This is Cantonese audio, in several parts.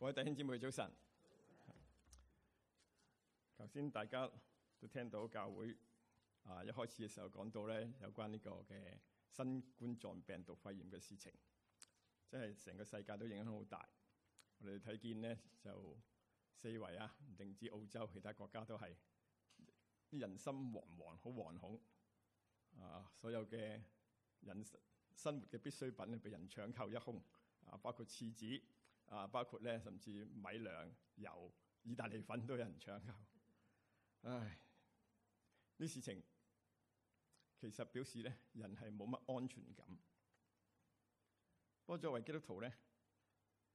各位弟兄姊妹早晨。頭先大家都聽到教會啊，一開始嘅時候講到咧有關呢個嘅新冠狀病毒肺炎嘅事情，即係成個世界都影響好大。我哋睇見咧就四圍啊，唔定止澳洲其他國家都係人心惶惶，好惶恐啊！所有嘅人生活嘅必需品咧，俾人搶購一空啊，包括廁紙。啊，包括咧，甚至米糧、油、意大利粉都有人搶購。唉，呢事情其實表示咧，人係冇乜安全感。不過作為基督徒咧，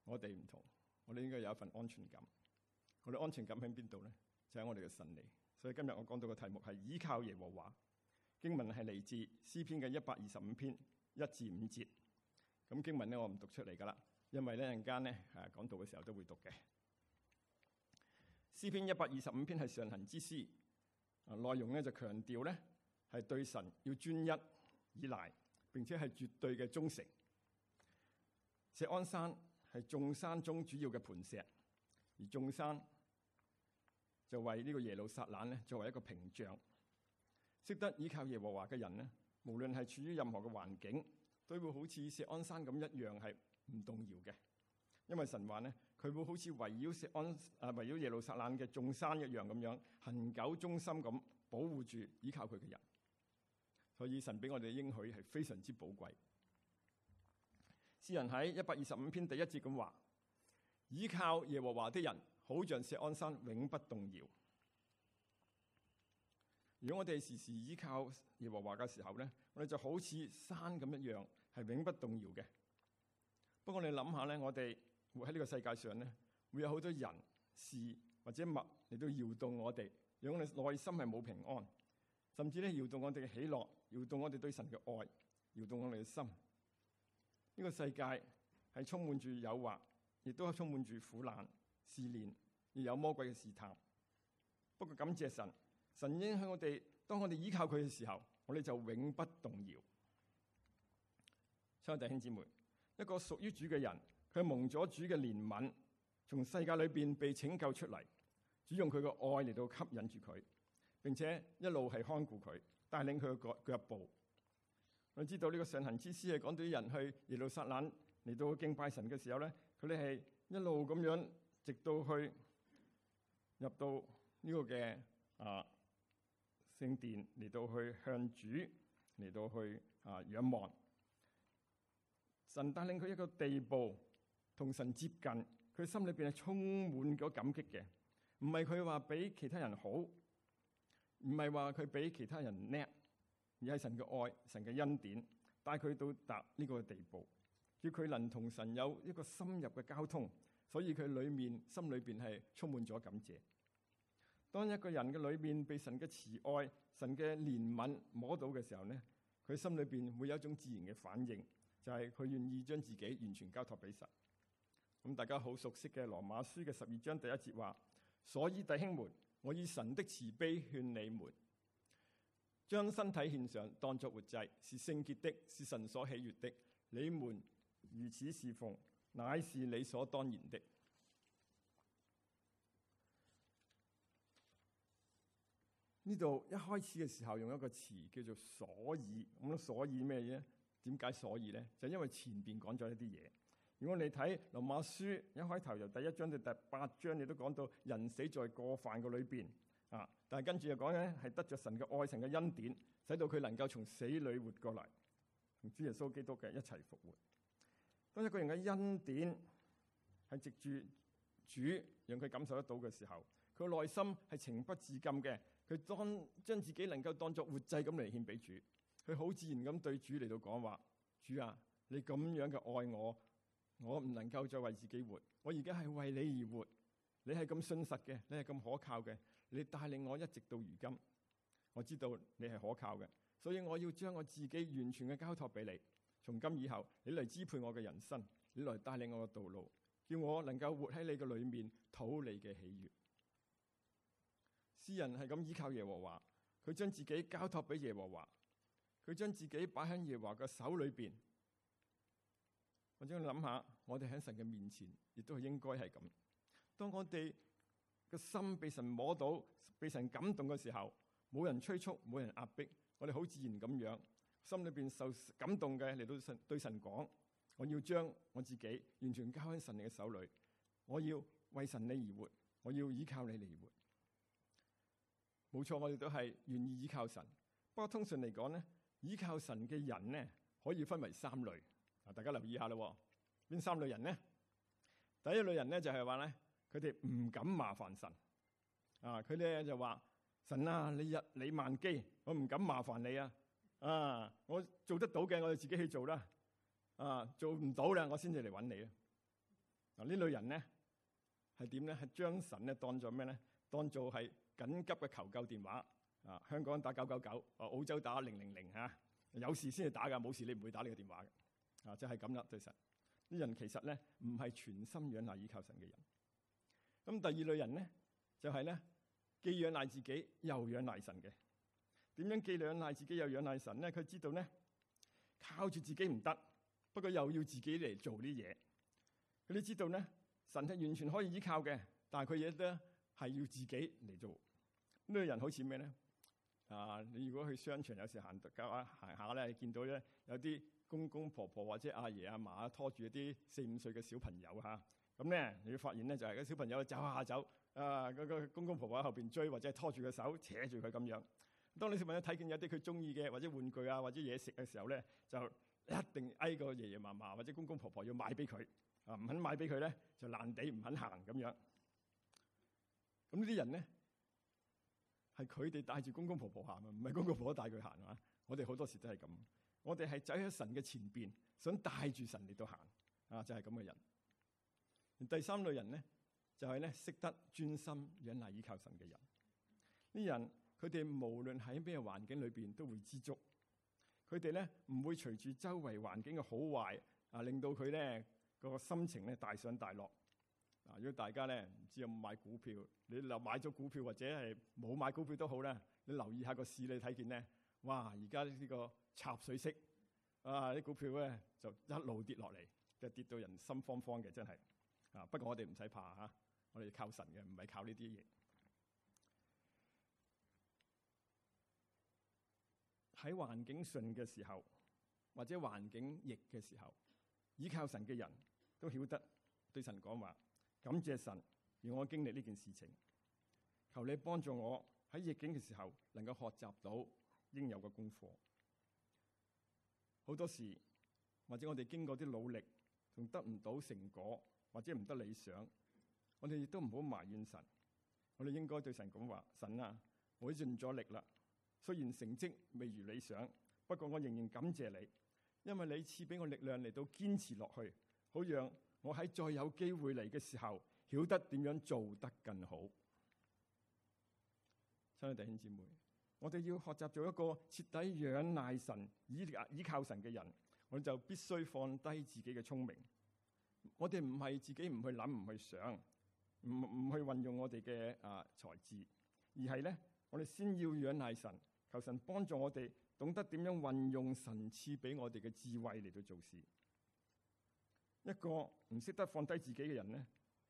我哋唔同，我哋應該有一份安全感。我哋安全感喺邊度咧？就喺我哋嘅神裏。所以今日我講到嘅題目係倚靠耶和華。經文係嚟自詩篇嘅一百二十五篇一至五節。咁經文咧，我唔讀出嚟噶啦。因為呢陣間咧，講道嘅時候都會讀嘅《詩篇》一百二十五篇係上行之詩，內容咧就強調咧係對神要專一、依賴，並且係絕對嘅忠誠。錫安山係眾山中主要嘅磐石，而眾山就為呢個耶路撒冷咧作為一個屏障。識得依靠耶和華嘅人咧，無論係處於任何嘅環境，都會好似錫安山咁一樣係。唔動搖嘅，因為神話咧，佢會好似圍繞錫安啊，圍繞耶路撒冷嘅眾山一樣咁樣，恆久忠心咁保護住依靠佢嘅人。所以神俾我哋嘅應許係非常之寶貴。詩人喺一百二十五篇第一節咁話：依靠耶和華的人，好像錫安山，永不動搖。如果我哋時時依靠耶和華嘅時候咧，我哋就好似山咁一樣，係永不動搖嘅。不過你諗下咧，我哋活喺呢個世界上咧，會有好多人、事或者物嚟到搖動我哋，如果你內心係冇平安，甚至咧搖動我哋嘅喜樂，搖動我哋對神嘅愛，搖動我哋嘅心。呢個世界係充滿住誘惑，亦都係充滿住苦難、試煉，亦有魔鬼嘅試探。不過感謝神，神應許我哋，當我哋依靠佢嘅時候，我哋就永不動搖。所有弟兄姊妹。一個屬於主嘅人，佢蒙咗主嘅憐憫，從世界裏邊被拯救出嚟。主用佢嘅愛嚟到吸引住佢，並且一路係看顧佢，帶領佢嘅腳腳步。我知道呢個上行之詩係講到啲人去耶路撒冷嚟到敬拜神嘅時候咧，佢哋係一路咁樣，直到去入到呢個嘅啊聖殿嚟到去向主嚟到去啊仰望。神帶領佢一個地步，同神接近，佢心裏邊係充滿咗感激嘅。唔係佢話比其他人好，唔係話佢比其他人叻，而係神嘅愛、神嘅恩典帶佢到達呢個地步，叫佢能同神有一個深入嘅交通。所以佢裏面、心裏邊係充滿咗感謝。當一個人嘅裏面被神嘅慈愛、神嘅憐憫摸到嘅時候咧，佢心裏邊會有一種自然嘅反應。就係佢願意將自己完全交託俾神。咁大家好熟悉嘅《羅馬書》嘅十二章第一節話：「所以弟兄們，我以神的慈悲勸你們，將身體獻上當作活祭，是聖潔的，是神所喜悅的。你們如此侍奉，乃是理所當然的。」呢度一開始嘅時候用一個詞叫做所以，咁所以咩嘢？點解所以咧？就是因為前邊講咗一啲嘢。如果你睇《羅馬書》，一開頭由第一章到第八章，你都講到人死在過犯嘅裏邊啊。但係跟住又講咧，係得着神嘅愛情嘅恩典，使到佢能夠從死裏活過嚟，同主耶穌基督嘅一齊復活。當一個人嘅恩典係藉住主，讓佢感受得到嘅時候，佢內心係情不自禁嘅，佢當將自己能夠當作活祭咁嚟獻俾主。佢好自然咁對主嚟到講話：主啊，你咁樣嘅愛我，我唔能夠再為自己活，我而家係為你而活。你係咁信實嘅，你係咁可靠嘅，你帶領我一直到如今。我知道你係可靠嘅，所以我要將我自己完全嘅交託俾你。從今以後，你嚟支配我嘅人生，你嚟帶領我嘅道路，叫我能夠活喺你嘅裡面，討你嘅喜悅。詩人係咁依靠耶和華，佢將自己交託俾耶和華。佢將自己擺喺耶和華嘅手裏邊，我想諗下，我哋喺神嘅面前，亦都係應該係咁。當我哋嘅心被神摸到、被神感動嘅時候，冇人催促，冇人壓迫，我哋好自然咁樣，心裏邊受感動嘅嚟到神對神講：我要將我自己完全交喺神嘅手裏，我要為神你而活，我要依靠你嚟活。冇錯，我哋都係願意依靠神。不過通常嚟講咧。倚靠神嘅人咧，可以分為三類。嗱，大家留意下啦，邊三類人咧？第一類人咧，就係話咧，佢哋唔敢麻煩神。啊，佢咧就話：神啊，你日理萬機，我唔敢麻煩你啊！啊，我做得到嘅，我哋自己去做啦。啊，做唔到啦，我先至嚟揾你啊。嗱，啊，呢類人咧係點咧？係將神咧當作咩咧？當做係緊急嘅求救電話。啊！香港打九九九，啊澳洲打零零零嚇，有事先去打噶，冇事你唔會打你個電話嘅。啊，即係咁啦，其實啲人其實咧唔係全心仰賴依靠神嘅人。咁第二類人咧就係咧既仰賴自己又仰賴神嘅。點樣既仰賴自己又仰賴神咧？佢知道咧靠住自己唔得，不過又要自己嚟做啲嘢。佢哋知道咧神係完全可以依靠嘅，但係佢嘢咧係要自己嚟做。呢類人好似咩咧？啊！你如果去商場，有時行獨街行，行下咧，你見到咧有啲公公婆，婆婆或者阿爺阿嫲拖住一啲四五歲嘅小朋友嚇，咁、啊、咧你會發現咧就係、是、個小朋友走下、啊、走，啊、那個公公婆婆喺後邊追或者拖住個手扯住佢咁樣。當你小朋友睇見有啲佢中意嘅或者玩具啊或者嘢食嘅時候咧，就一定嗌個爺爺嫲嫲或者公公婆婆要買俾佢，啊唔肯買俾佢咧就爛地唔肯行咁樣。咁呢啲人咧。係佢哋帶住公公婆婆行啊，唔係公公婆婆帶佢行啊。我哋好多時都係咁，我哋係走喺神嘅前邊，想帶住神嚟到行啊，就係咁嘅人。第三類人咧，就係咧識得專心忍耐依靠神嘅人。呢人佢哋無論喺咩環境裏邊都會知足，佢哋咧唔會隨住周圍環境嘅好壞啊，令到佢咧個心情咧大上大落。嗱，如果大家咧唔知有冇買股票，你留買咗股票或者係冇買股票都好咧，你留意下個市你睇見咧，哇！而家呢個插水式啊啲股票咧就一路跌落嚟，就跌到人心慌慌嘅，真係啊！不過我哋唔使怕嚇，啊，我哋靠神嘅，唔係靠呢啲嘢。喺環境順嘅時候，或者環境逆嘅時候，倚靠神嘅人都曉得對神講話。感謝神，讓我經歷呢件事情，求你幫助我喺逆境嘅時候能夠學習到應有嘅功課。好多時或者我哋經過啲努力，仲得唔到成果或者唔得理想，我哋亦都唔好埋怨神。我哋應該對神講話：神啊，我已盡咗力啦，雖然成績未如理想，不過我仍然感謝你，因為你賜俾我力量嚟到堅持落去，好讓。我喺再有機會嚟嘅時候，曉得點樣做得更好。親愛弟兄姊妹，我哋要學習做一個徹底仰賴神、依啊倚靠神嘅人，我哋就必須放低自己嘅聰明。我哋唔係自己唔去諗、唔去想、唔唔去，去運用我哋嘅啊才智，而係咧，我哋先要仰賴神，求神幫助我哋懂得點樣運用神賜俾我哋嘅智慧嚟到做事。一個唔識得放低自己嘅人咧，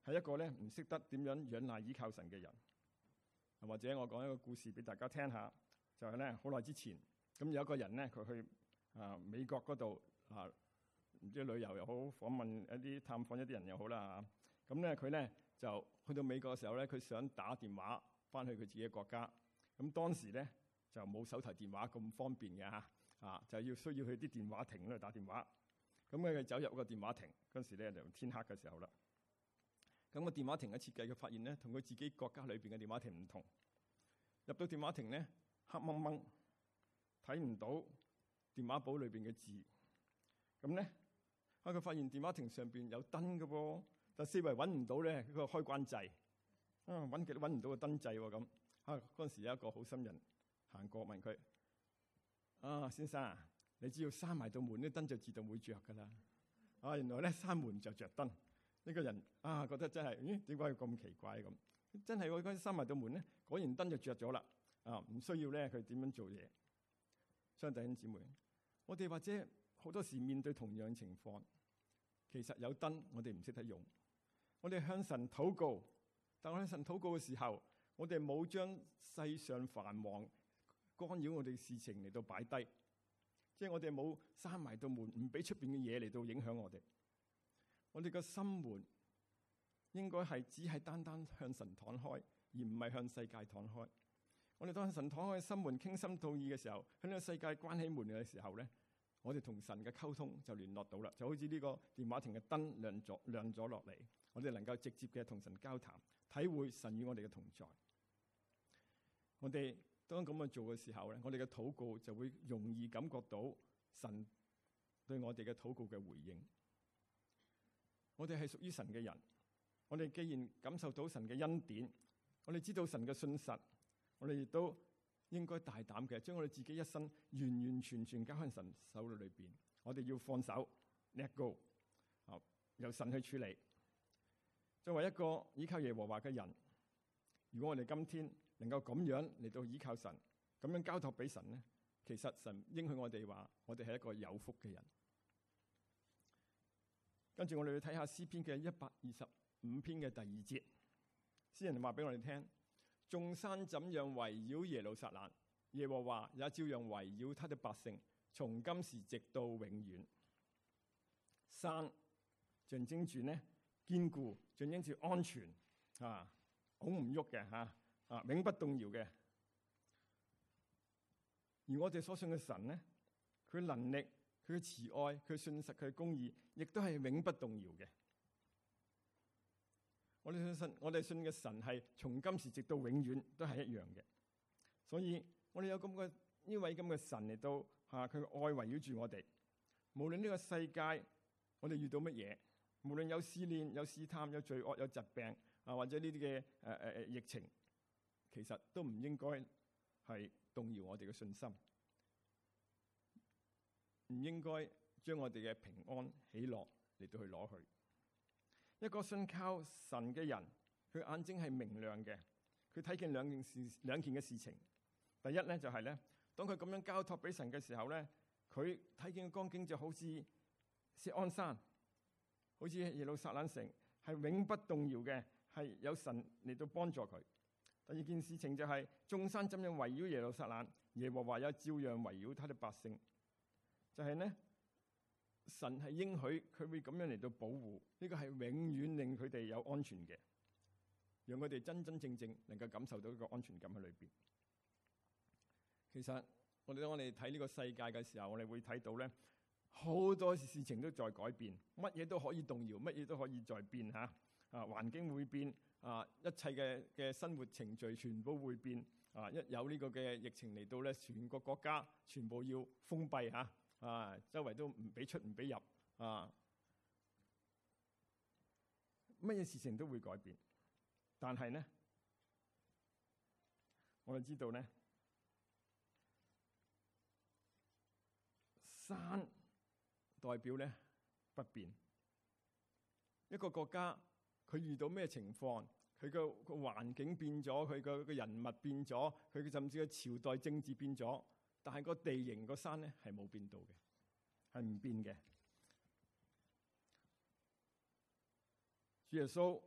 係一個咧唔識得點樣仰賴依靠神嘅人。或者我講一個故事俾大家聽下，就係咧好耐之前，咁有一個人咧，佢去啊美國嗰度啊，唔知旅遊又好，訪問一啲探訪一啲人又好啦咁咧佢咧就去到美國嘅時候咧，佢想打電話翻去佢自己嘅國家。咁當時咧就冇手提電話咁方便嘅嚇啊，就要需要去啲電話亭度打電話。咁咧佢走入個電話亭，嗰時咧就天黑嘅時候啦。咁個電話亭嘅設計，佢發現咧同佢自己國家裏邊嘅電話亭唔同。入到電話亭咧，黑掹掹，睇唔到電話簿裏邊嘅字。咁咧，啊佢發現電話亭上邊有燈嘅噃，但四圍揾唔到咧，佢個開關掣，啊揾極都揾唔到個燈掣喎咁。啊嗰陣時有一個好心人行過問佢，啊先生啊。你只要閂埋到門，啲燈就自動會着噶啦。啊，原來咧閂門就着燈。呢個人啊，覺得真係咦？點解要咁奇怪咁？真係我嗰閂埋到門咧，果然燈就着咗啦。啊，唔需要咧，佢點樣做嘢？弟兄姊妹，我哋或者好多時面對同樣情況，其實有燈我哋唔識得用。我哋向神禱告，但我向神禱告嘅時候，我哋冇將世上繁忙干擾我哋嘅事情嚟到擺低。即係我哋冇閂埋道門，唔俾出邊嘅嘢嚟到影響我哋。我哋個心門應該係只係單單向神敞開，而唔係向世界敞開。我哋當向神敞開心門、傾心吐意嘅時候，向呢個世界關起門嘅時候咧，我哋同神嘅溝通就聯絡到啦。就好似呢個電話亭嘅燈亮咗亮咗落嚟，我哋能夠直接嘅同神交談，體會神與我哋嘅同在。我哋。當咁樣做嘅時候咧，我哋嘅禱告就會容易感覺到神對我哋嘅禱告嘅回應。我哋係屬於神嘅人，我哋既然感受到神嘅恩典，我哋知道神嘅信實，我哋亦都應該大膽嘅將我哋自己一生完完全全交喺神手裏邊。我哋要放手，let go，由神去處理。作為一個倚靠耶和華嘅人，如果我哋今天，能夠咁樣嚟到依靠神，咁樣交託俾神咧，其實神應許我哋話，我哋係一個有福嘅人。跟住我哋去睇下詩篇嘅一百二十五篇嘅第二節，詩人話俾我哋聽：眾山怎樣圍繞耶路撒冷，耶和華也照樣圍繞他的百姓，從今時直到永遠。山象徵住呢，堅固，象徵住安全，啊，好唔喐嘅吓。啊啊！永不動搖嘅，而我哋所信嘅神咧，佢能力、佢嘅慈愛、佢信實、佢嘅公義，亦都係永不動搖嘅。我哋相信，我哋信嘅神係從今時直到永遠都係一樣嘅。所以我哋有咁嘅呢位咁嘅神嚟到，吓佢嘅愛圍繞住我哋。無論呢個世界，我哋遇到乜嘢，無論有試煉、有試探、有罪惡、有疾病啊，或者呢啲嘅誒誒誒疫情。其實都唔應該係動搖我哋嘅信心，唔應該將我哋嘅平安喜樂嚟到去攞去。一個信靠神嘅人，佢眼睛係明亮嘅，佢睇見兩件事、兩件嘅事情。第一咧就係、是、咧，當佢咁樣交託俾神嘅時候咧，佢睇見嘅光景就好似錫安山，好似耶路撒冷城，係永不動搖嘅，係有神嚟到幫助佢。第二件事情就係，眾山怎樣圍繞耶路撒冷，耶和華也照樣圍繞他的百姓。就係呢，神係應許佢會咁樣嚟到保護，呢個係永遠令佢哋有安全嘅，讓佢哋真真正正能夠感受到呢個安全感喺裏邊。其實當我哋我哋睇呢個世界嘅時候，我哋會睇到咧好多事情都在改變，乜嘢都可以動搖，乜嘢都可以在變嚇，啊環境會變。啊！一切嘅嘅生活程序全部會變啊！一有呢個嘅疫情嚟到咧，全國國家全部要封閉嚇啊，周圍都唔俾出唔俾入啊，乜嘢事情都會改變。但係咧，我哋知道咧，山代表咧不變，一個國家。佢遇到咩情況？佢個個環境變咗，佢個個人物變咗，佢甚至個朝代政治變咗，但係個地形、個山咧係冇變到嘅，係唔變嘅。主耶穌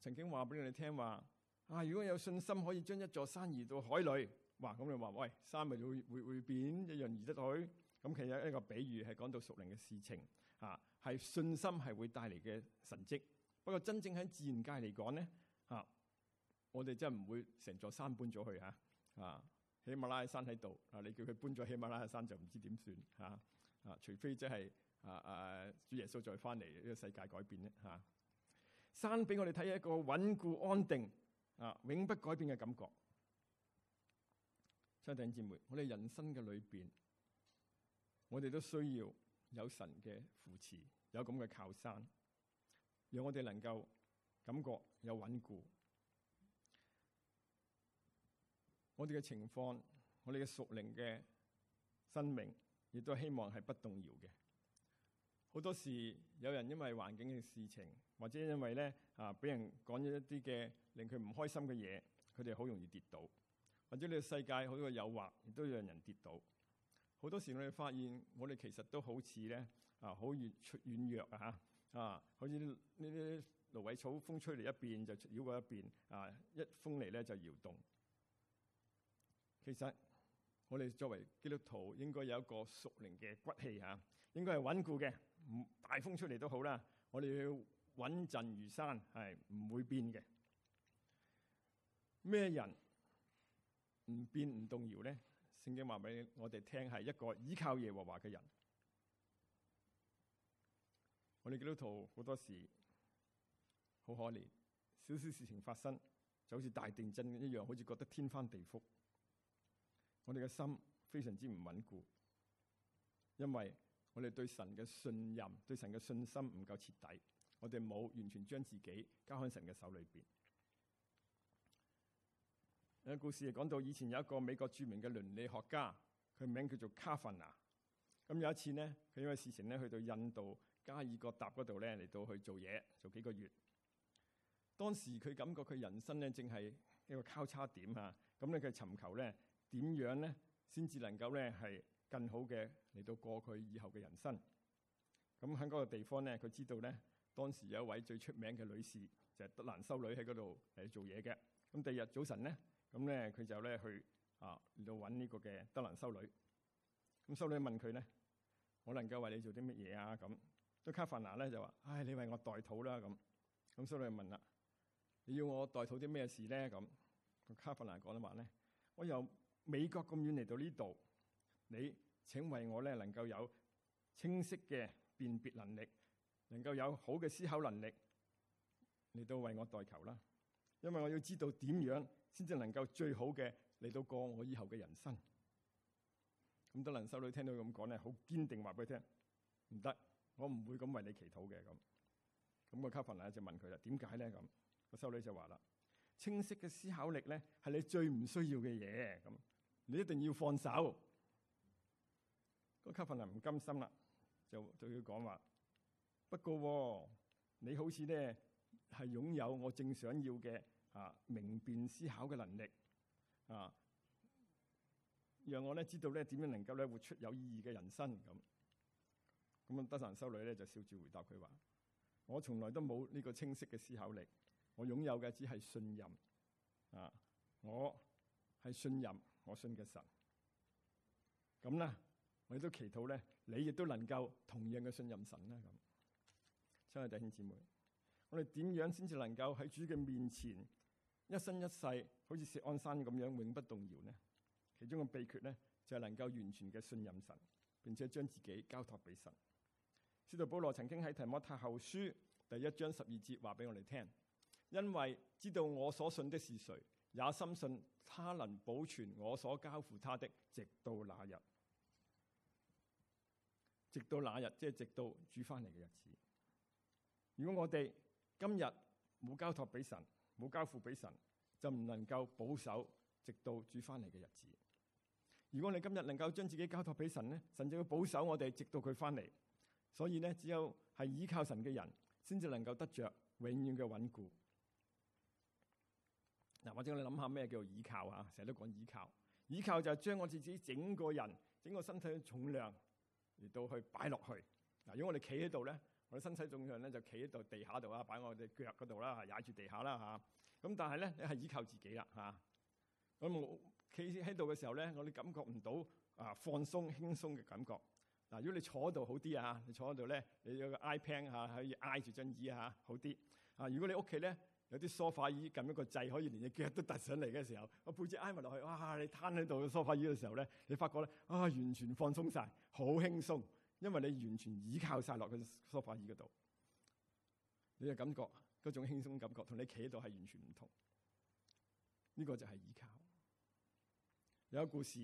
曾經話俾你哋聽話：啊，如果有信心可以將一座山移到海裡，哇！咁你話喂，山咪會會會變一樣移得去？咁其實一個比喻係講到屬靈嘅事情啊，係信心係會帶嚟嘅神跡。不過真正喺自然界嚟講咧，啊，我哋真係唔會成座山搬咗去吓，啊，喜馬拉雅山喺度，啊，你叫佢搬咗喜馬拉雅山就唔知點算吓，啊，除非即係啊啊主耶穌再翻嚟，呢個世界改變咧吓，啊，山俾我哋睇一個穩固安定啊，永不改變嘅感覺。兄弟姊妹，我哋人生嘅裏邊，我哋都需要有神嘅扶持，有咁嘅靠山。讓我哋能夠感覺有穩固，我哋嘅情況，我哋嘅屬靈嘅生命，亦都希望係不動搖嘅。好多時有人因為環境嘅事情，或者因為咧啊俾人講咗一啲嘅令佢唔開心嘅嘢，佢哋好容易跌倒，或者呢個世界好多嘅誘惑亦都讓人跌倒。好多時我哋發現，我哋其實都好似咧啊好易出軟弱啊吓。啊，好似呢啲蘆葦草，風吹嚟一邊就繞過一邊，啊，一風嚟咧就搖動。其實我哋作為基督徒應該有一個屬靈嘅骨氣嚇、啊，應該係穩固嘅。唔大風出嚟都好啦，我哋要穩陣如山，係唔會變嘅。咩人唔變唔動搖咧？聖經話俾我哋聽係一個倚靠耶和華嘅人。我哋基督徒好多時好可憐，少少事情發生就好似大地震一樣，好似覺得天翻地覆。我哋嘅心非常之唔穩固，因為我哋對神嘅信任、對神嘅信心唔夠徹底，我哋冇完全將自己交喺神嘅手裏邊。有故事講到，以前有一個美國著名嘅倫理學家，佢名叫做卡芬娜。咁有一次呢，佢因為事情呢去到印度。加爾各答嗰度咧嚟到去做嘢，做幾個月。當時佢感覺佢人生咧正係一個交叉點啊。咁咧佢尋求咧點樣咧先至能夠咧係更好嘅嚟到過佢以後嘅人生。咁喺嗰個地方咧，佢知道咧當時有一位最出名嘅女士就係德蘭修女喺嗰度嚟做嘢嘅。咁第二日早晨咧，咁咧佢就咧去啊嚟到揾呢個嘅德蘭修女。咁修女問佢咧：我能夠為你做啲乜嘢啊？咁卡法拿咧就話：唉，你為我代禱啦咁。咁修女問啦：你要我代禱啲咩事咧？咁，卡法拿講啲話咧：我由美國咁遠嚟到呢度，你請為我咧能夠有清晰嘅辨別能力，能夠有好嘅思考能力，你都為我代求啦。因為我要知道點樣先至能夠最好嘅嚟到過我以後嘅人生。咁德蘭修女聽到咁講咧，好堅定話俾佢聽：唔得。我唔會咁為你祈禱嘅咁，咁、那個卡弗林就問佢啦：點解咧？咁、那個修女就話啦：清晰嘅思考力咧，係你最唔需要嘅嘢，咁你一定要放手。那個卡弗林唔甘心啦，就就要講話：不過、哦、你好似咧係擁有我正想要嘅，啊明辨思考嘅能力啊，讓我咧知道咧點樣能夠咧活出有意義嘅人生咁。啊咁啊，德蘭修女咧就笑住回答佢話：我從來都冇呢個清晰嘅思考力，我擁有嘅只係信任。啊，我係信任我信嘅神。咁啦，我亦都祈禱咧，你亦都能夠同樣嘅信任神啦。咁，親愛的弟兄姊妹，我哋點樣先至能夠喺主嘅面前，一生一世好似錫安山咁樣永不動搖呢？其中嘅秘訣咧就係、是、能夠完全嘅信任神，並且將自己交託俾神。使徒保羅曾經喺《提摩太後書》第一章十二節話俾我哋聽：因為知道我所信的是誰，也深信他能保存我所交付他的，直到那日。直到那日，即係直到主翻嚟嘅日子。如果我哋今日冇交託俾神，冇交付俾神，就唔能夠保守直到主翻嚟嘅日子。如果你今日能夠將自己交託俾神咧，神就要保守我哋直到佢翻嚟。所以咧，只有係倚靠神嘅人，先至能夠得着永遠嘅穩固。嗱、啊，或者我哋諗下咩叫倚靠啊？成日都講倚靠，倚靠就係將我自己整個人、整個身體嘅重量，嚟到去擺落去。嗱、啊，如果我哋企喺度咧，我哋身體重量咧就企喺度地下度啦，擺我哋腳嗰度啦，踩住地下啦嚇。咁、啊、但係咧，你係倚靠自己啦嚇。咁我企喺度嘅時候咧，我哋感覺唔到啊放鬆輕鬆嘅感覺。嗱，如果你坐喺度好啲啊，你坐喺度咧，你有個 iPad 啊，可以挨住張椅啊，好啲啊。如果你屋企咧有啲 sofa 椅撳一個掣可以連隻腳都凸上嚟嘅時候，我背脊挨埋落去，哇！你攤喺度 sofa 椅嘅時候咧，你發覺咧啊，完全放鬆晒，好輕鬆，因為你完全倚靠晒落個 sofa 椅嗰度，你嘅感覺嗰種輕鬆感覺同你企喺度係完全唔同。呢個就係依靠。有一個故事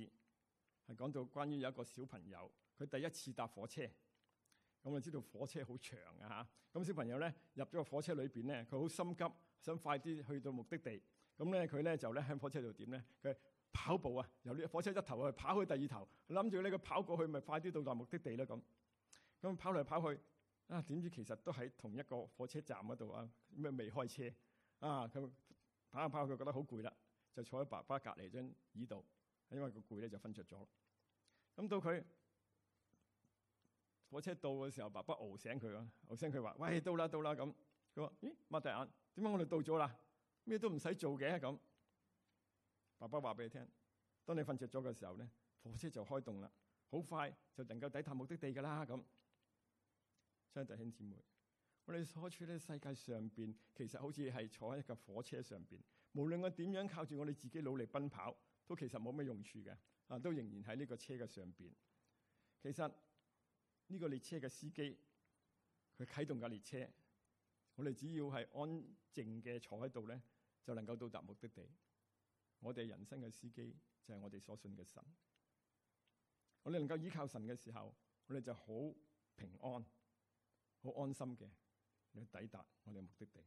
係講到關於有一個小朋友。佢第一次搭火車，咁我知道火車好長啊嚇。咁小朋友咧入咗個火車裏邊咧，佢好心急，想快啲去到目的地。咁咧佢咧就咧喺火車度點咧？佢跑步啊，由呢個火車一頭去，跑去第二頭，諗住呢，佢跑過去咪快啲到達目的地咯咁。咁跑嚟跑去啊，點知其實都喺同一個火車站嗰度啊？咩未開車啊？佢跑下跑下，佢覺得好攰啦，就坐喺爸爸隔離張椅度，因為個攰咧就瞓著咗。咁到佢。火車到嘅時候，爸爸叫醒佢，叫醒佢話：喂，到啦，到啦！咁，佢話：咦，擘大眼，點解我哋到咗啦？咩都唔使做嘅咁。爸爸話俾你聽：當你瞓着咗嘅時候咧，火車就開動啦，好快就能夠抵達目的地噶啦！咁，弟兄姊妹，我哋所處呢世界上邊，其實好似係坐喺一架火車上邊。無論我點樣靠住我哋自己努力奔跑，都其實冇咩用處嘅，啊，都仍然喺呢個車嘅上邊。其實。呢個列車嘅司機，佢啟動架列車，我哋只要係安靜嘅坐喺度咧，就能夠到達目的地。我哋人生嘅司機就係、是、我哋所信嘅神。我哋能夠依靠神嘅時候，我哋就好平安、好安心嘅去抵達我哋嘅目的地。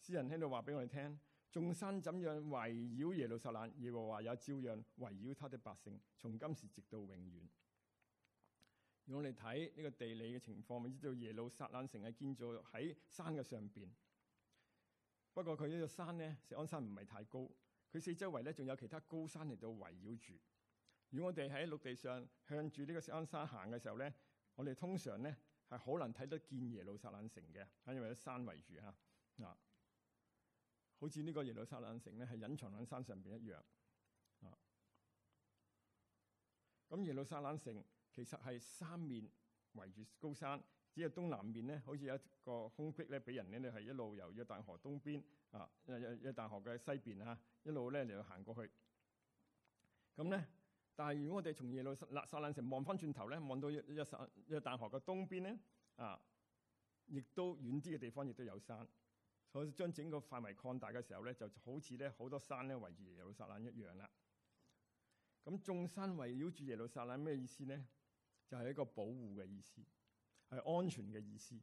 詩人喺度話俾我哋聽：眾山怎樣圍繞耶路撒冷，耶和華也有照樣圍繞他的百姓，從今時直到永遠。我哋睇呢個地理嘅情況，我知道耶路撒冷城係建造喺山嘅上邊。不過佢呢個山咧，錫安山唔係太高，佢四周圍咧仲有其他高山嚟到圍繞住。如果我哋喺陸地上向住呢個錫安山行嘅時候咧，我哋通常咧係好難睇得見耶路撒冷城嘅，因為啲山圍住啊。嗱，好似呢個耶路撒冷城咧係隱藏喺山上面一樣。啊，咁耶路撒冷城。其實係三面圍住高山，只有東南面咧，好似有一個空隙咧，俾人咧係一路由約旦河東邊啊，約約約旦河嘅西邊啊，一路咧嚟行過去。咁咧，但係如果我哋從耶路撒，撒冷城望翻轉頭咧，望到約約約旦河嘅東邊咧，啊，亦都遠啲嘅地方亦都有山。所以將整個範圍擴大嘅時候咧，就好似咧好多山咧圍住耶路撒冷一樣啦。咁眾山圍繞住耶路撒冷咩意思咧？就係一個保護嘅意思，係安全嘅意思，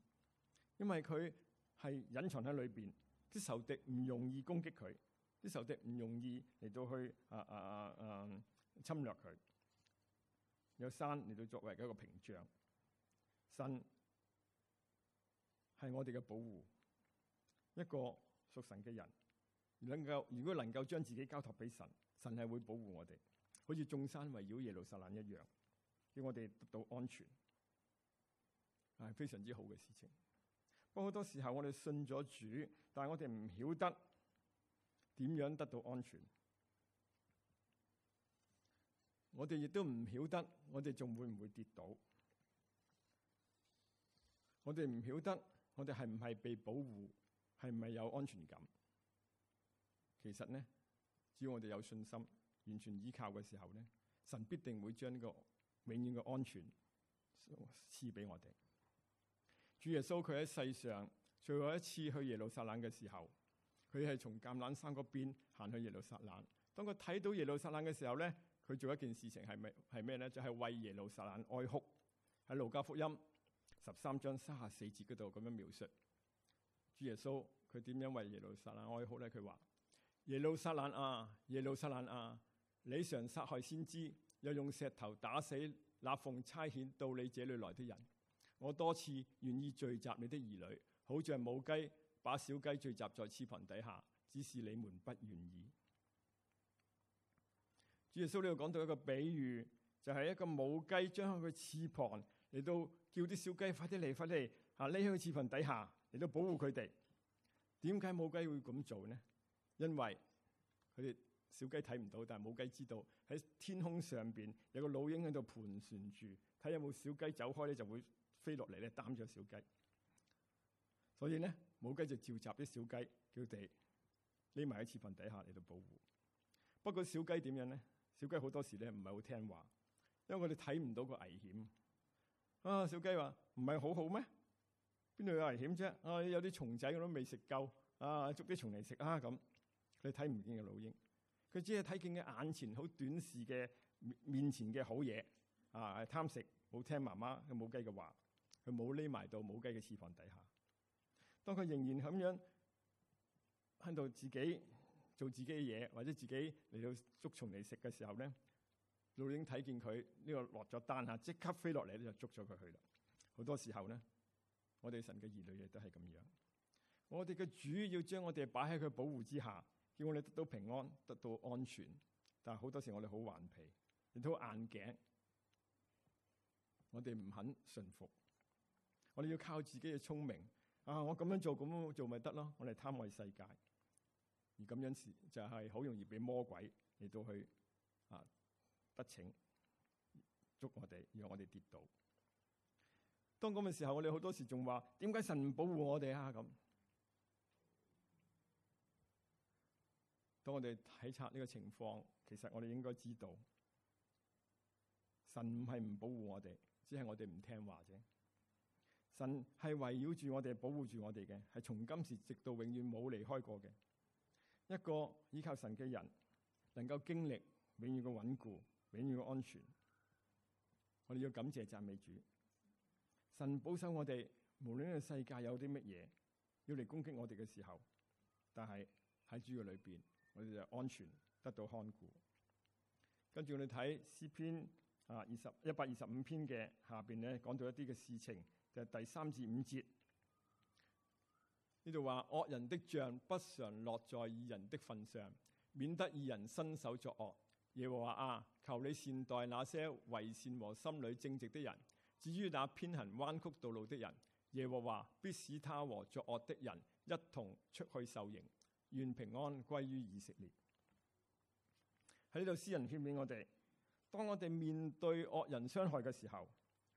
因為佢係隱藏喺裏邊，啲仇敵唔容易攻擊佢，啲仇敵唔容易嚟到去啊啊啊啊侵略佢。有山嚟到作為一個屏障，神係我哋嘅保護，一個屬神嘅人，能夠如果能夠將自己交託俾神，神係會保護我哋，好似眾山圍繞耶路撒冷一樣。叫我哋得到安全係非常之好嘅事情，不過好多時候我哋信咗主，但係我哋唔曉得點樣得到安全，我哋亦都唔曉得我哋仲會唔會跌倒，我哋唔曉得我哋係唔係被保護，係唔係有安全感。其實咧，只要我哋有信心，完全依靠嘅時候咧，神必定會將呢個。永遠嘅安全，賜俾我哋。主耶穌佢喺世上最後一次去耶路撒冷嘅時候，佢係從橄欖山嗰邊行去耶路撒冷。當佢睇到耶路撒冷嘅時候咧，佢做一件事情係咪係咩咧？就係為耶路撒冷哀哭。喺路加福音十三章三十四節嗰度咁樣描述。主耶穌佢點樣為耶路撒冷哀哭咧？佢話：耶路撒冷啊，耶路撒冷啊，你常殺害先知。又用石頭打死那奉差遣到你這裏來的人。我多次願意聚集你的兒女，好像母雞把小雞聚集在翅膀底下，只是你們不願意。主耶穌呢度講到一個比喻，就係一個母雞將佢翅膀嚟到叫啲小雞快啲嚟快啲，吓匿喺佢翅膀底下嚟到保護佢哋。點解母雞會咁做呢？因為佢哋。小雞睇唔到，但係母雞知道喺天空上邊有個老鷹喺度盤旋住，睇有冇小雞走開咧，就會飛落嚟咧擔咗小雞。所以咧，母雞就召集啲小雞叫地，匿埋喺翅膀底下嚟到保護。不過小雞點樣咧？小雞好多時咧唔係好聽話，因為我哋睇唔到個危險。啊，小雞話唔係好好咩？邊度有危險啫？啊，有啲蟲仔我都未食夠，啊，捉啲蟲嚟食啊，咁。佢睇唔見個老鷹。佢只係睇見佢眼前好短視嘅面前嘅好嘢，啊佢貪食，冇聽媽媽母雞嘅話，佢冇匿埋到母雞嘅翅膀底下。當佢仍然咁樣喺度自己做自己嘅嘢，或者自己嚟到捉蟲嚟食嘅時候咧，老鷹睇見佢呢、呢個落咗單啊，即刻飛落嚟咧就捉咗佢去啦。好多時候咧，我哋神嘅兒女亦都係咁樣，我哋嘅主要將我哋擺喺佢保護之下。叫我哋得到平安，得到安全，但係好多時我哋好頑皮，亦都硬頸，我哋唔肯順服，我哋要靠自己嘅聰明，啊，我咁樣做咁樣做咪得咯？我哋貪愛世界，而咁樣時就係好容易俾魔鬼嚟到去啊，得逞捉我哋，讓我哋跌倒。當咁嘅時候，我哋好多時仲話：點解神唔保護我哋啊？咁。當我哋睇察呢個情況，其實我哋應該知道，神唔係唔保護我哋，只係我哋唔聽話啫。神係圍繞住我哋，保護住我哋嘅，係從今時直到永遠冇離開過嘅。一個依靠神嘅人，能夠經歷永遠嘅穩固，永遠嘅安全。我哋要感謝讚美主，神保守我哋，無論呢個世界有啲乜嘢要嚟攻擊我哋嘅時候，但係喺主嘅裏邊。我哋就安全得到看顧，跟住，我哋睇詩篇啊二十一百二十五篇嘅下邊咧，講到一啲嘅事情，就係、是、第三至五節呢度話，惡人的杖不常落在義人的份上，免得義人伸手作惡。耶和華啊，求你善待那些為善和心裏正直的人，至於那偏行彎曲道路的人，耶和華必使他和作惡的人一同出去受刑。願平安歸於以色列。喺呢度，詩人勸勉我哋，當我哋面對惡人傷害嘅時候，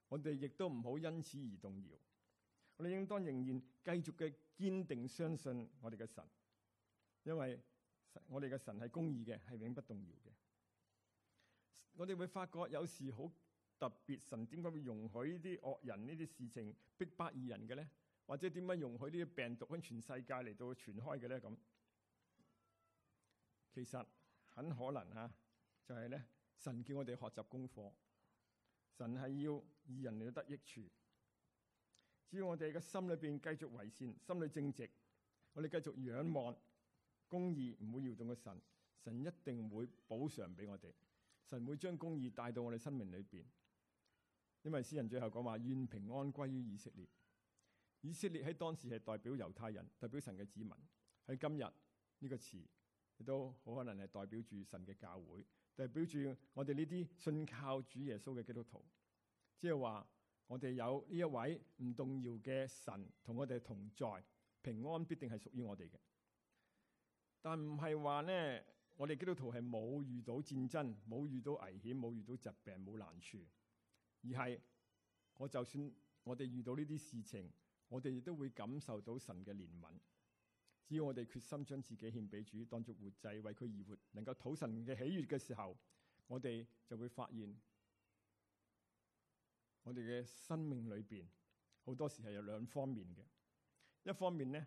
我哋亦都唔好因此而動搖。我哋應當仍然繼續嘅堅定相信我哋嘅神，因為我哋嘅神係公義嘅，係永不動搖嘅。我哋會發覺有時好特別，神點解會容許呢啲惡人呢啲事情逼迫義人嘅咧？或者點解容許呢啲病毒喺全世界嚟到傳開嘅咧？咁？其實很可能吓、啊，就係、是、咧，神叫我哋學習功課，神係要以人嚟到得益處。只要我哋嘅心裏邊繼續為善，心裏正直，我哋繼續仰望公義唔會搖動嘅神，神一定會補償俾我哋，神會將公義帶到我哋生命裏邊。因為詩人最後講話：願平安歸於以色列。以色列喺當時係代表猶太人，代表神嘅子民。喺今日呢個詞。亦都好可能係代表住神嘅教會，代表住我哋呢啲信靠主耶穌嘅基督徒，即係話我哋有呢一位唔動搖嘅神同我哋同在，平安必定係屬於我哋嘅。但唔係話呢，我哋基督徒係冇遇到戰爭，冇遇到危險，冇遇到疾病，冇難處，而係我就算我哋遇到呢啲事情，我哋亦都會感受到神嘅憐憫。只要我哋決心將自己獻俾主，當做活祭，為佢而活，能夠討神嘅喜悅嘅時候，我哋就會發現，我哋嘅生命裏邊好多時係有兩方面嘅。一方面咧，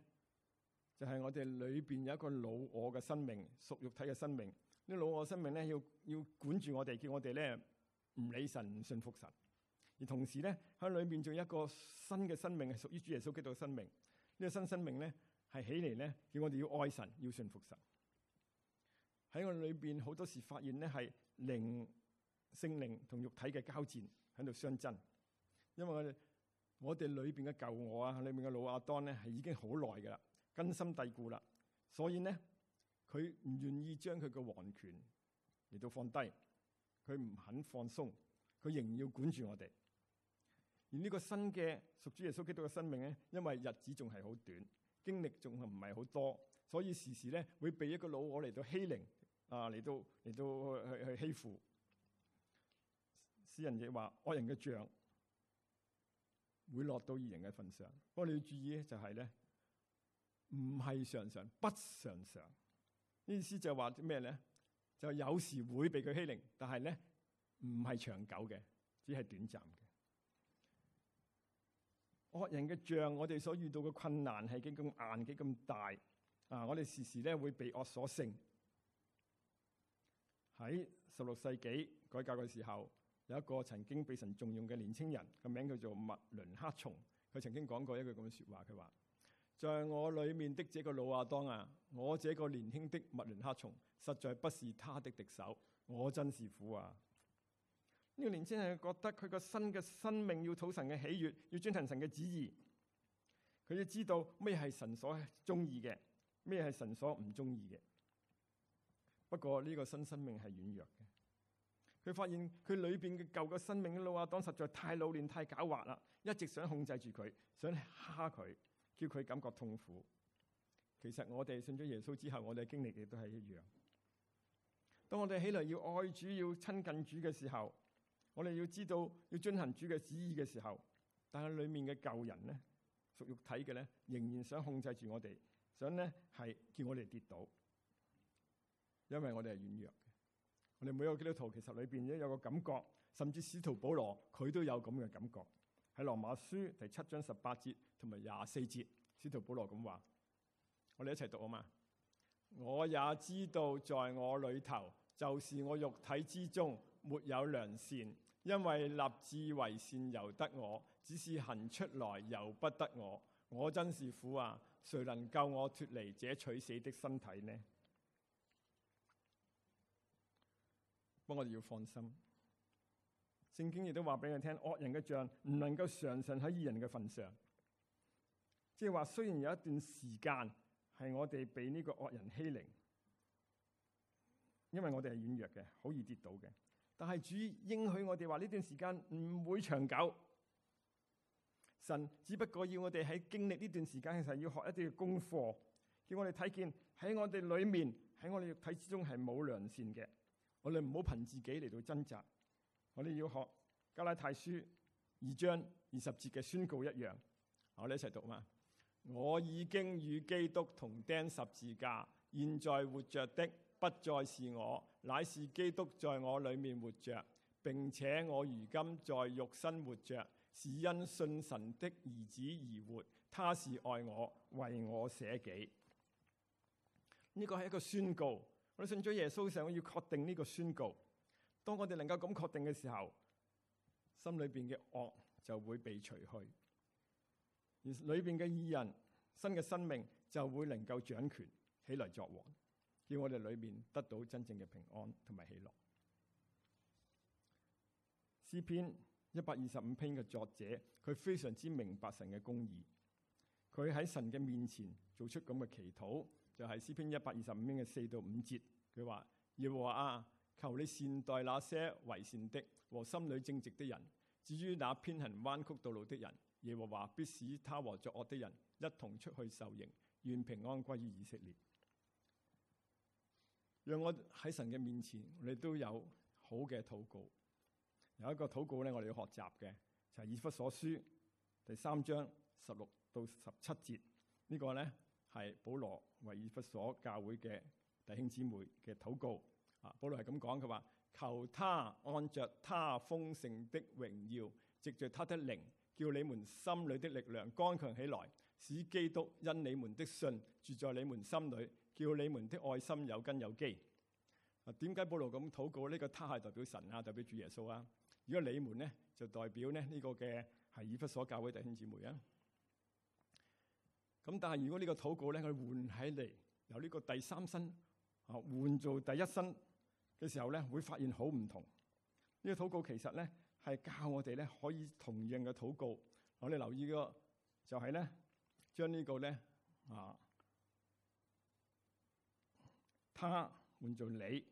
就係、是、我哋裏邊有一個老我嘅生命，屬肉體嘅生命。呢、這個、老我生命咧，要要管住我哋，叫我哋咧唔理神，唔信服神。而同時咧，喺裏面仲有一個新嘅生命，係屬於主耶穌基督嘅生命。呢、這個新生命咧。係起嚟咧，叫我哋要愛神，要信服神。喺我裏邊好多時發現咧，係靈聖靈同肉體嘅交戰喺度相爭。因為我我哋裏邊嘅舊我啊，裏面嘅老亞當咧係已經好耐噶啦，根深蒂固啦。所以咧，佢唔願意將佢嘅王權嚟到放低，佢唔肯放鬆，佢仍要管住我哋。而呢個新嘅屬主耶穌基督嘅生命咧，因為日子仲係好短。經歷仲係唔係好多，所以時時咧會被一個老我嚟到欺凌，啊嚟到嚟到去去欺負。詩人亦話：惡人嘅杖會落到義人嘅份上。不過你要注意咧，就是，就係咧，唔係常常，不常常。呢意思就係話咩咧？就有時會被佢欺凌，但係咧唔係長久嘅，只係短暫。惡人嘅像，我哋所遇到嘅困難係幾咁硬，幾咁大啊！我哋時時咧會被惡所勝。喺十六世紀改革嘅時候，有一個曾經被神重用嘅年輕人，個名叫做麥倫克松。佢曾經講過一句咁嘅說話，佢話：在我裏面的這個老亞當啊，我這個年輕的麥倫克松實在不是他的敵手，我真是苦啊！呢個年青人覺得佢個新嘅生命要討神嘅喜悅，要遵行神嘅旨意。佢要知道咩係神所中意嘅，咩係神所唔中意嘅。不過呢個新生命係軟弱嘅，佢發現佢裏邊嘅舊嘅生命嘅老阿當實在太老練、太狡猾啦，一直想控制住佢，想蝦佢，叫佢感覺痛苦。其實我哋信咗耶穌之後，我哋經歷嘅都係一樣。當我哋起來要愛主、要親近主嘅時候，我哋要知道要遵行主嘅旨意嘅時候，但係裏面嘅舊人咧，屬肉體嘅咧，仍然想控制住我哋，想咧係叫我哋跌倒，因為我哋係軟弱嘅。我哋每個基督徒其實裏邊咧有個感覺，甚至使徒保羅佢都有咁嘅感覺。喺羅馬書第七章十八節同埋廿四節，使徒保羅咁話：我哋一齊讀啊嘛！我也知道在我裏頭，就是我肉體之中。沒有良善，因為立志為善由得我，只是行出來由不得我。我真是苦啊！誰能救我脱離這取死的身體呢？不過我哋要放心，聖經亦都話俾我聽：惡人嘅杖唔能夠常常喺義人嘅份上。即係話，雖然有一段時間係我哋被呢個惡人欺凌，因為我哋係軟弱嘅，好易跌倒嘅。但係主應許我哋話，呢段時間唔會長久，神只不過要我哋喺經歷呢段時間，其實要學一啲嘅功課，叫我哋睇見喺我哋裏面，喺我哋肉體之中係冇良善嘅，我哋唔好憑自己嚟到掙扎，我哋要學加拉太書二章二十節嘅宣告一樣，我哋一齊讀嘛，我已經與基督同釘十字架，現在活着的。不再是我，乃是基督在我裏面活着，並且我如今在肉身活着，是因信神的兒子而活。他是愛我，為我捨己。呢個係一個宣告。我哋信咗耶穌，想要確定呢個宣告。當我哋能夠咁確定嘅時候，心裏邊嘅惡就會被除去，而裏邊嘅義人新嘅生命就會能夠掌權起來作王。叫我哋裏面得到真正嘅平安同埋喜樂。詩篇一百二十五篇嘅作者，佢非常之明白神嘅公義，佢喺神嘅面前做出咁嘅祈禱，就係、是、詩篇一百二十五篇嘅四到五節，佢話：耶和華，求你善待那些為善的和心裏正直的人，至於那偏行彎曲道路的人，耶和華必使他和作惡的人一同出去受刑，願平安歸於以色列。讓我喺神嘅面前，我哋都有好嘅禱告。有一個禱告咧，我哋要學習嘅就係、是、以弗所書第三章十六到十七節。呢、這個咧係保羅為以弗所教會嘅弟兄姊妹嘅禱告。啊，保羅係咁講嘅話，求他按着他豐盛的榮耀，藉着他的靈。叫你們心裏的力量剛強起來，使基督因你們的信住在你們心裏，叫你們的愛心有根有基。啊，點解保羅咁禱告呢個，他係代表神啊，代表主耶穌啊？如果你們咧就代表咧呢個嘅係以弗所教會弟兄姊妹啊。咁但係如果呢個禱告咧，佢換起嚟，由呢個第三身啊換做第一身嘅時候咧，會發現好唔同。呢個禱告其實咧。係教我哋咧，可以同樣嘅禱告。我哋留意的就是呢這個就係咧，將呢個咧啊，他換做你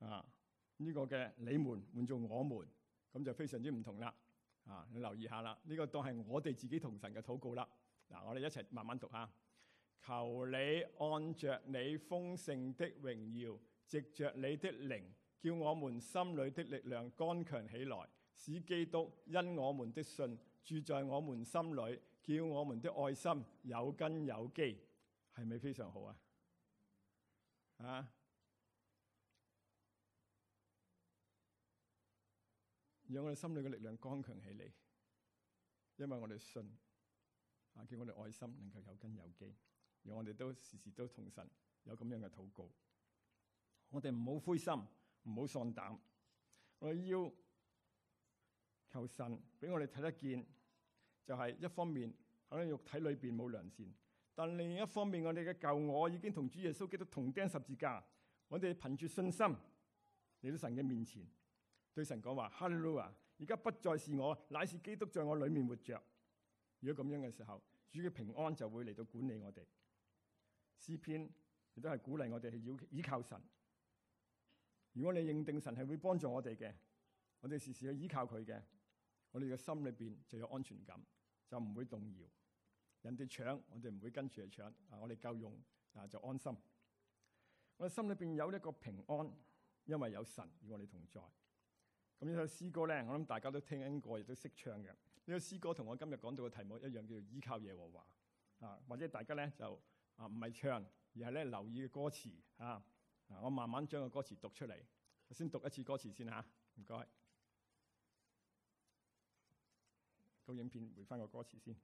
啊，呢、這個嘅你們換做我們，咁就非常之唔同啦。啊，你留意下啦，呢、這個當係我哋自己同神嘅禱告啦。嗱，我哋一齊慢慢讀下。求你按着你豐盛的榮耀，藉着你的靈，叫我們心裏的力量剛強起來。使基督因我們的信住在我們心裏，叫我們的愛心有根有基，係咪非常好啊？啊！讓我哋心裏嘅力量剛強起嚟，因為我哋信啊，叫我哋愛心能夠有根有基，讓我哋都時時都同神有咁樣嘅禱告。我哋唔好灰心，唔好喪膽，我要。求神俾我哋睇得見，就係一方面喺肉體裏邊冇良善，但另一方面我哋嘅舊我已經同主耶穌基督同釘十字架，我哋憑住信心嚟到神嘅面前，對神講話哈利路亞！而家不再是我，乃是基督在我裏面活着。如果咁樣嘅時候，主嘅平安就會嚟到管理我哋。詩篇亦都係鼓勵我哋去倚倚靠神。如果你認定神係會幫助我哋嘅，我哋時時去依靠佢嘅。我哋嘅心裏邊就有安全感，就唔會動搖。人哋搶，我哋唔會跟住去搶。啊，我哋夠用，嗱就安心。我哋心裏邊有一個平安，因為有神與我哋同在。咁呢首詩歌咧，我諗大家都聽過，亦都識唱嘅。呢首詩歌同我今日講到嘅題目一樣，叫做依靠耶和華。啊，或者大家咧就啊唔係唱，而係咧留意嘅歌詞啊。我慢慢將個歌詞讀出嚟，我先讀一次歌詞先吓，唔該。影片回翻個歌詞先，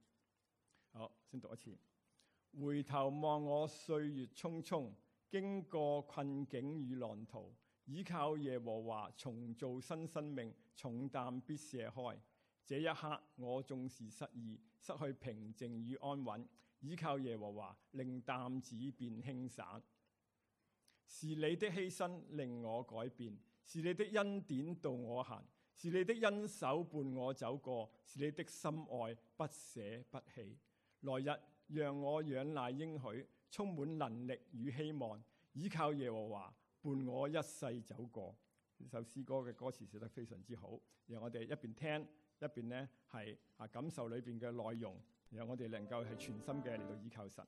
好，先讀一次。回頭望我歲月匆匆，經過困境與浪途，倚靠耶和華重造新生命，重擔必卸開。這一刻我縱是失意，失去平靜與安穩，倚靠耶和華令擔子變輕散。是你的犧牲令我改變，是你的恩典導我行。是你的恩手伴我走過，是你的心愛不捨不棄。來日讓我仰賴應許，充滿能力與希望，倚靠耶和華伴我一世走過。呢首詩歌嘅歌詞寫得非常之好，讓我哋一邊聽一邊呢，係啊感受裏邊嘅內容，然後我哋能夠係全心嘅嚟到倚靠神。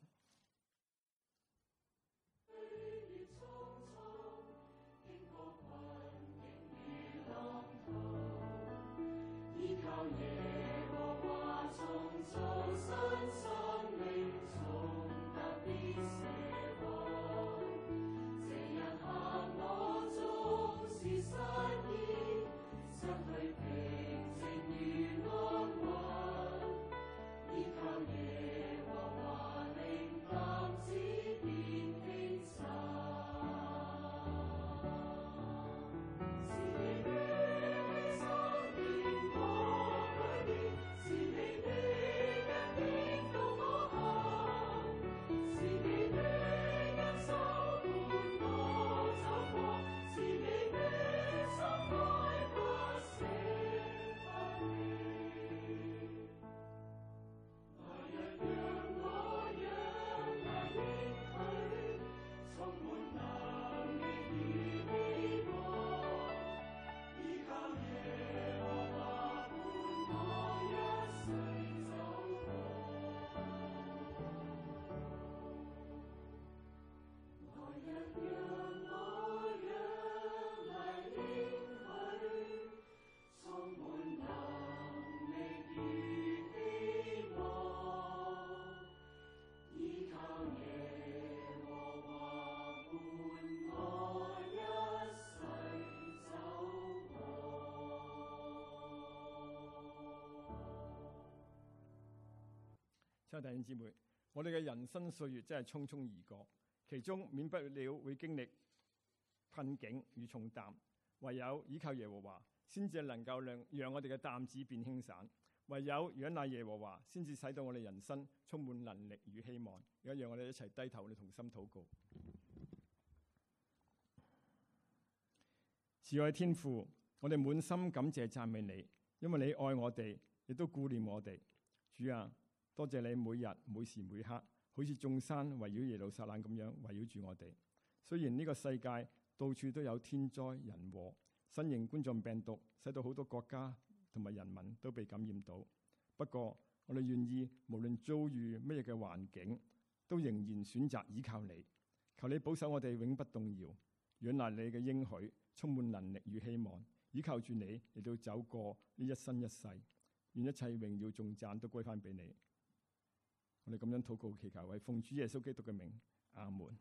弟兄姊妹，我哋嘅人生歲月真係匆匆而過，其中免不了會經歷困境與重擔，唯有倚靠耶和華，先至能夠令讓我哋嘅擔子變輕省；唯有仰賴耶和華，先至使到我哋人生充滿能力與希望。而家讓我哋一齊低頭，來同心禱告。慈愛天父，我哋滿心感謝讚美你，因為你愛我哋，亦都顧念我哋，主啊！多謝你每日每時每刻，好似眾山圍繞耶路撒冷咁樣圍繞住我哋。雖然呢個世界到處都有天災人禍，新型冠狀病毒使到好多國家同埋人民都被感染到。不過我哋願意無論遭遇乜嘢嘅環境，都仍然選擇依靠你。求你保守我哋，永不動搖，仰賴你嘅應許，充滿能力與希望，依靠住你嚟到走過呢一生一世。願一切榮耀重讚都歸翻俾你。你咁樣禱告祈求，為奉主耶穌基督嘅名，阿門。